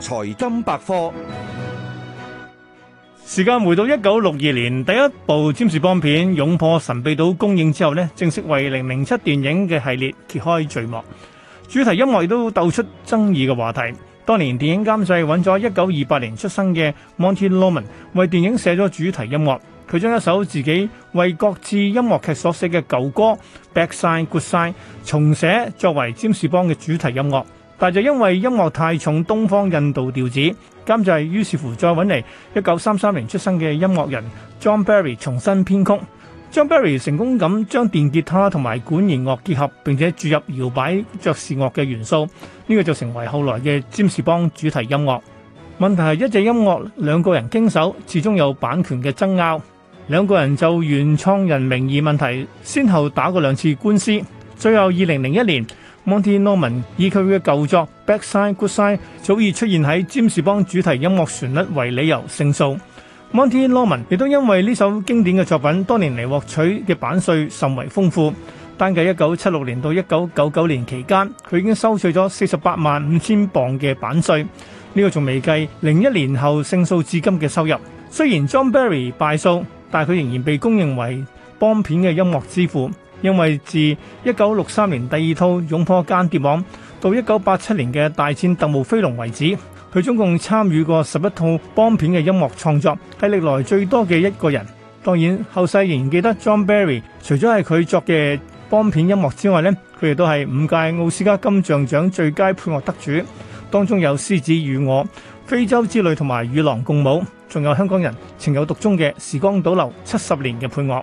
財金百科。時間回到一九六二年，第一部占士邦片《勇破神秘島》公映之後呢，正式為零零七電影嘅系列揭開序幕。主題音樂亦都斗出爭議嘅話題。當年電影監製揾咗一九二八年出生嘅 Monty Norman 為電影寫咗主題音樂。佢將一首自己為各自音樂劇所寫嘅舊歌《Bad Sign, Good Sign,》重寫作為占士邦嘅主題音樂。但就因為音樂太重東方印度調子，監製於是乎再揾嚟一九三三年出生嘅音樂人 John Barry 重新編曲。John Barry 成功咁將電吉他同埋管弦樂結合，並且注入搖擺爵士樂嘅元素。呢、這個就成為後來嘅詹士邦主題音樂。問題係一隻音樂兩個人經手，始終有版權嘅爭拗。兩個人就原創人名義問題，先後打過兩次官司。最後二零零一年，Monty Norman 以佢嘅舊作《Bad Sign, Good Sign》早已出現喺《占士邦》主題音樂旋律為理由勝訴。Monty Norman 亦都因為呢首經典嘅作品多年嚟獲取嘅版稅甚為豐富，單計一九七六年到一九九九年期間，佢已經收取咗四十八萬五千磅嘅版稅。呢個仲未計零一年後勝訴至今嘅收入。雖然 John Barry 敗訴，但佢仍然被公認為邦片嘅音樂之父。因為自1963年第二套《勇破間諜網》到1987年嘅大戰《特務飛龍》為止，佢總共參與過十一套邦片嘅音樂創作，係歷來最多嘅一個人。當然，後世仍然記得 John Barry。除咗係佢作嘅邦片音樂之外呢，佢亦都係五屆奧斯卡金像獎最佳配樂得主，當中有《獅子與我》、《非洲之旅》同埋《與狼共舞》，仲有香港人情有獨鍾嘅《時光倒流七十年》嘅配樂。